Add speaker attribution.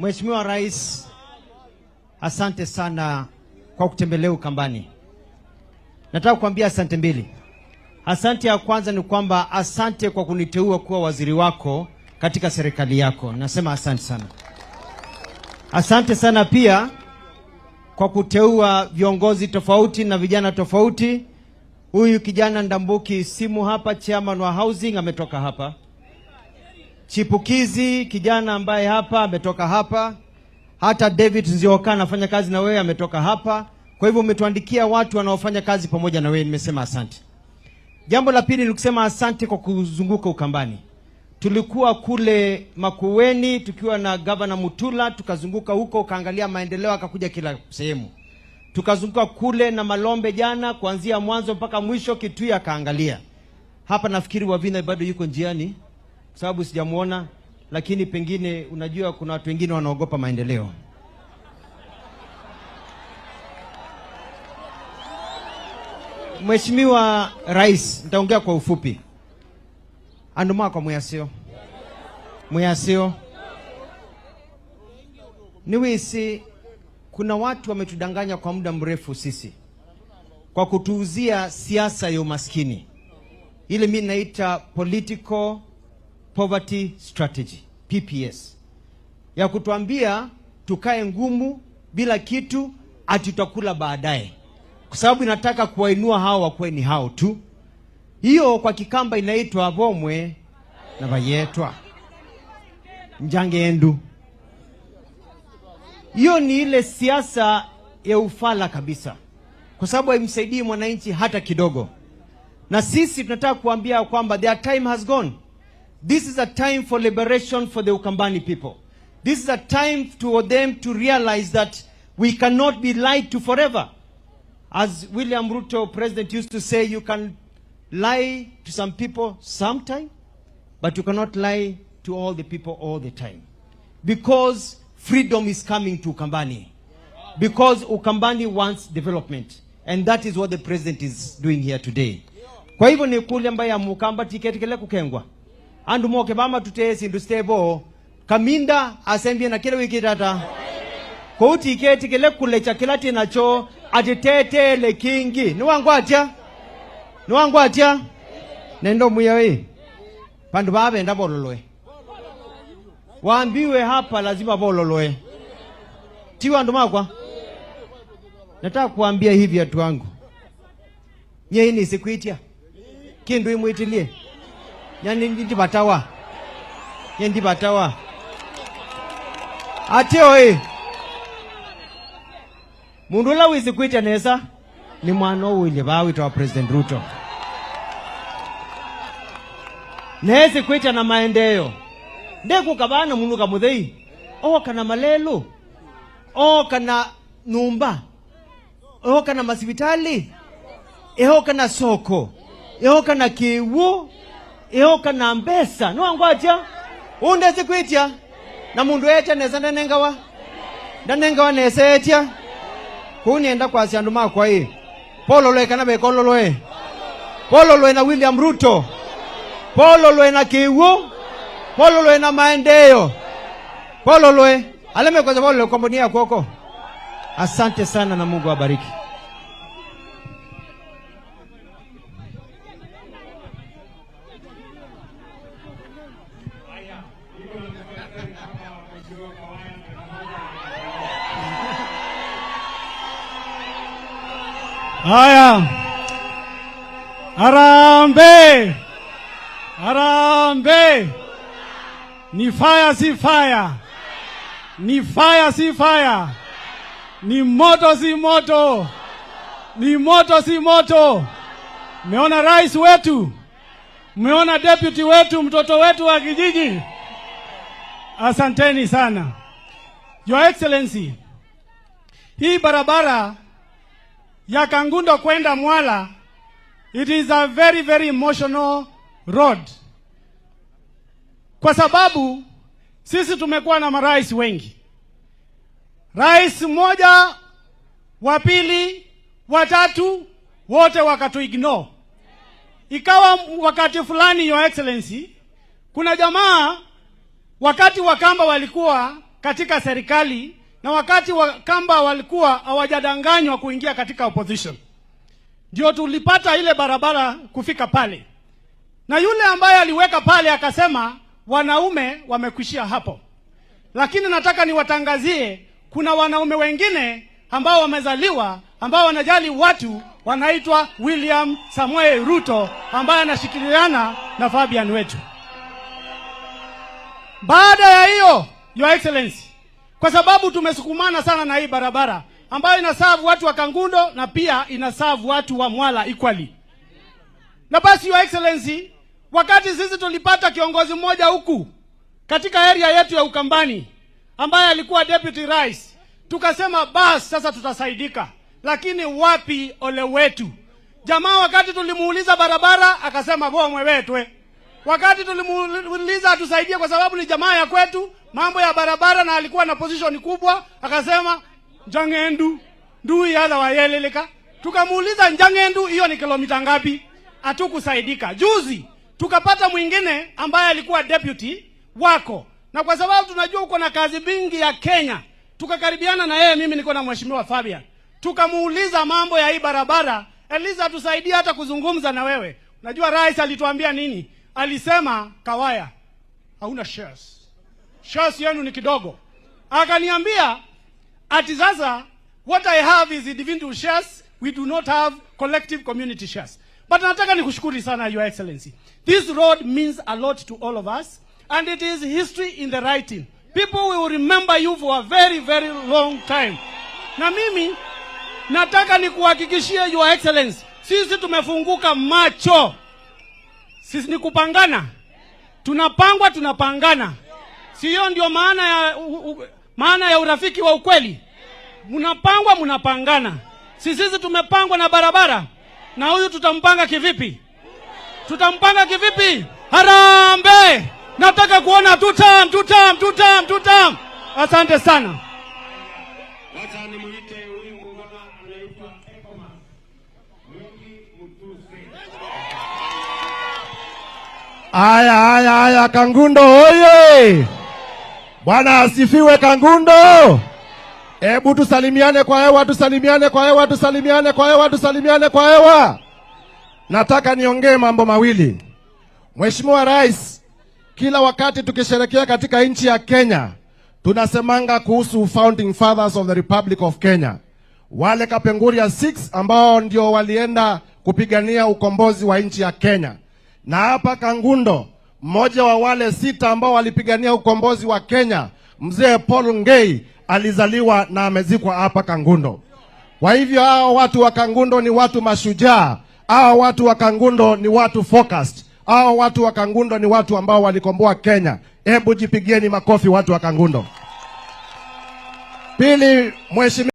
Speaker 1: Mheshimiwa Rais, asante sana kwa kutembelea Ukambani. Nataka kuambia asante mbili. Asante ya kwanza ni kwamba asante kwa kuniteua kuwa waziri wako katika serikali yako, nasema asante sana. Asante sana pia kwa kuteua viongozi tofauti na vijana tofauti. Huyu kijana Ndambuki Simu hapa, chairman wa housing, ametoka hapa chipukizi kijana ambaye hapa ametoka hapa, hata David Nzioka anafanya kazi na wewe ametoka hapa. Kwa hivyo umetuandikia watu wanaofanya kazi pamoja na wewe, nimesema asante. Jambo la pili ni kusema asante kwa kuzunguka Ukambani. Tulikuwa kule Makueni tukiwa na gavana Mutula, tukazunguka huko, ukaangalia maendeleo, akakuja kila sehemu. Tukazunguka kule na Malombe jana, kuanzia mwanzo mpaka mwisho, Kitui akaangalia hapa. Nafikiri Wavina bado yuko njiani kwa sababu sijamwona, lakini pengine unajua kuna watu wengine wanaogopa maendeleo. Mheshimiwa Rais, nitaongea kwa ufupi. kwa mwiasio mwiasio niwisi, kuna watu wametudanganya kwa muda mrefu sisi kwa kutuuzia siasa ya umaskini, ile mi naita political Poverty Strategy PPS ya kutuambia tukae ngumu bila kitu ati tutakula baadaye, kwa sababu inataka kuwainua hao wakuwe ni hao tu. Hiyo kwa Kikamba inaitwa vomwe na vayetwa njange endu. Hiyo ni ile siasa ya ufala kabisa, kwa sababu haimsaidii mwananchi hata kidogo, na sisi tunataka kuambia kwamba their time has gone. This is a time for liberation for the Ukambani people. This is a time for them to realize that we cannot be lied to forever. As William Ruto, president, used to say, you can lie to some people sometime, but you cannot lie to all the people all the time. Because freedom is coming to Ukambani. Because Ukambani wants development. And that is what the president is doing here today. Kwa hivyo ni kule ambaye amukamba tiketi kile kukengwa andu moke vamatutee sindu stevo kaminda asembie na kila wiki tata kou iketi kile kulecha kila tinacho atitetele kingi ni wangu atya ni wangu atya nendo pandu vandu vavenda bololoe waambiwe hapa lazima bololoe ti wandu makwa nataka kuambia hivi watu wangu nyei sikuitia kindu imwitilie yani ndibatawa ye ndibatawa ati oyi mundu ula wisikwitya nesa ni mwana owili bawita wa president ruto nesikwitya na maendeyo ndekuka bana mundu kamuthei ooka na malelu ooka na numba ooka na masivitali ihoka na soko ihoka na kiwu mbesa kanambesa niwangwaja unde zikwitya na mundu etya nesa ndanengawa ndanengawa nesa etya kunienda kwasi andu makwai pololwe kana bekololwe pololwe na william ruto pololwe na kiwu pololwe na maendeyo pololwe alemekwaza pololwe kwa mboni yakwoko asante sana na mungu abariki
Speaker 2: Haya, arambe arambe Ni faya si faya, ni faya si faya, ni moto si moto, ni moto si moto. Mmeona rais wetu, mmeona deputy wetu, mtoto wetu wa kijiji. Asanteni sana Your Excellency, hii barabara ya Kangundo kwenda Mwala, it is a very very emotional road, kwa sababu sisi tumekuwa na marais wengi, rais mmoja, wa pili, watatu, wote wakatu ignore. Ikawa wakati fulani, your excellency, kuna jamaa wakati Wakamba walikuwa katika serikali na wakati wa Kamba walikuwa hawajadanganywa kuingia katika opposition, ndio tulipata ile barabara kufika pale, na yule ambaye aliweka pale akasema wanaume wamekwishia hapo, lakini nataka niwatangazie kuna wanaume wengine ambao wamezaliwa ambao wanajali watu, wanaitwa William Samuel Ruto ambaye anashikiliana na Fabian wetu. Baada ya hiyo, Your Excellency kwa sababu tumesukumana sana na hii barabara ambayo inasavu watu wa Kangundo na pia inasavu watu wa Mwala equally. Na basi, Your Excellency, wakati sisi tulipata kiongozi mmoja huku katika area yetu ya Ukambani ambaye alikuwa deputy rais, tukasema basi sasa tutasaidika, lakini wapi ole wetu jamaa, wakati tulimuuliza barabara akasema bomwe wetwe wakati tulimuuliza atusaidie kwa sababu ni jamaa ya kwetu, mambo ya barabara, na alikuwa na position kubwa, akasema Njang'endu ndui adha wayelelika. Tukamuuliza Njang'endu hiyo ni kilomita ngapi? Atukusaidika. Juzi tukapata mwingine ambaye alikuwa deputy wako, na kwa sababu tunajua uko na kazi mingi ya Kenya, tukakaribiana na yeye, mimi niko na mheshimiwa Fabian, tukamuuliza mambo ya hii barabara. Eliza, tusaidie hata kuzungumza na wewe. Unajua rais alituambia nini? alisema Kawaya, hauna shares, shares yenu ni kidogo. Akaniambia ati sasa, what I have is individual shares, we do not have collective community shares. But nataka nikushukuri sana your excellency, this road means a lot to all of us and it is history in the writing. People will remember you for a very very long time. Na mimi nataka nikuhakikishie your excellency, sisi tumefunguka macho. Sisi ni kupangana, tunapangwa, tunapangana. hiyo ndio maana ya u, u, maana ya urafiki wa ukweli? Mnapangwa, mnapangana. Sisi tumepangwa na barabara, na huyu tutampanga kivipi? Tutampanga kivipi? Harambe, nataka kuona tutam tutam tutam tutam. Asante sana.
Speaker 3: Aya, aya, aya, Kangundo oye! Bwana asifiwe. Kangundo, hebu tusalimiane kwa hewa, tusalimiane kwa hewa, tusalimiane kwa hewa, tusalimiane kwa hewa. Nataka niongee mambo mawili. Mheshimiwa Rais, kila wakati tukisherekea katika nchi ya Kenya tunasemanga kuhusu founding fathers of the Republic of Kenya, wale Kapenguria 6 ambao ndio walienda kupigania ukombozi wa nchi ya Kenya. Na hapa Kangundo, mmoja wa wale sita ambao walipigania ukombozi wa Kenya, mzee Paul Ngei alizaliwa na amezikwa hapa Kangundo. Kwa hivyo hao watu wa Kangundo ni watu mashujaa, hao watu wa Kangundo ni watu focused, hao watu wa Kangundo ni watu ambao walikomboa Kenya. Hebu jipigieni makofi watu wa Kangundo. Pili, mheshimiwa